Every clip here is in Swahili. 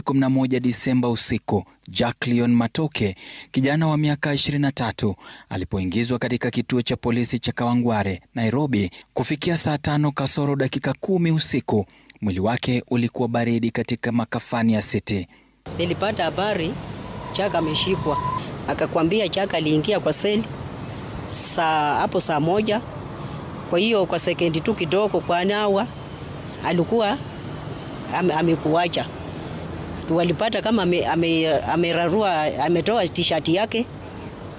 11 Disemba usiku, Jacklion Matoke, kijana wa miaka 23, alipoingizwa katika kituo cha polisi cha Kawangware, Nairobi, kufikia saa tano kasoro dakika kumi usiku, mwili wake ulikuwa baridi katika makafani ya City. Nilipata habari Chaka ameshikwa, akakwambia Chaka aliingia kwa seli saa hapo saa moja. Kwa hiyo kwa sekendi tu kidogo, kwa nawa alikuwa am, amekuacha walipata kama amerarua ame, ame ametoa tishati yake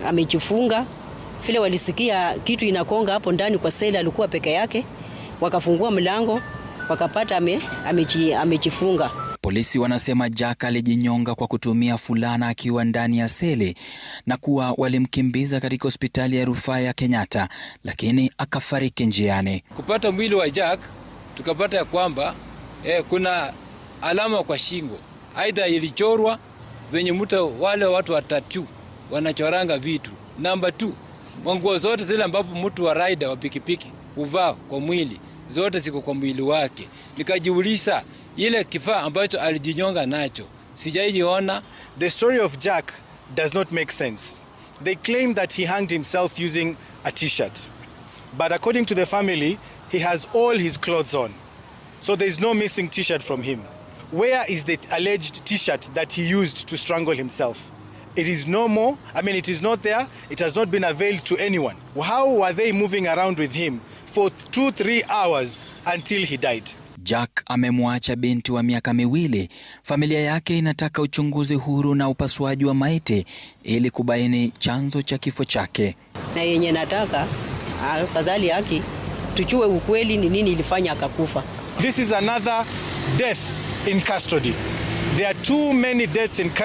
amejifunga vile, walisikia kitu inakonga hapo ndani kwa seli, alikuwa peke yake, wakafungua mlango wakapata amejifunga. Polisi wanasema Jack alijinyonga kwa kutumia fulana akiwa ndani ya seli na kuwa walimkimbiza katika hospitali ya rufaa ya Kenyatta, lakini akafariki njiani. Kupata mwili wa Jack tukapata ya kwamba eh, kuna alama kwa shingo aidha ilichorwa venye mtu wale watu watatu wanachoranga vitu. Namba tu, manguo zote zile ambapo mtu wa rider wa pikipiki huvaa kwa mwili zote ziko kwa mwili wake. Nikajiuliza ile kifaa ambacho alijinyonga nacho sijaiona. The story of Jack does not make sense. They claim that he hanged himself using a t-shirt. But according to the family, he has all his clothes on. So there is no missing t-shirt from him. Where is the alleged t-shirt that he used to strangle himself? It is no more. I mean, it is not there. It has not been availed to anyone. How were they moving around with him for two, three hours until he died? Jack amemwacha binti wa miaka miwili. Familia yake inataka uchunguzi huru na upasuaji wa maiti ili kubaini chanzo cha kifo chake. Na yenye nataka afadhali haki tuchue ukweli ni nini ilifanya akakufa. This is another death in custody. There are too many deaths in custody.